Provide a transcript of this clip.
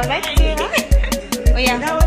Alright, sweetheart. Oh, yeah.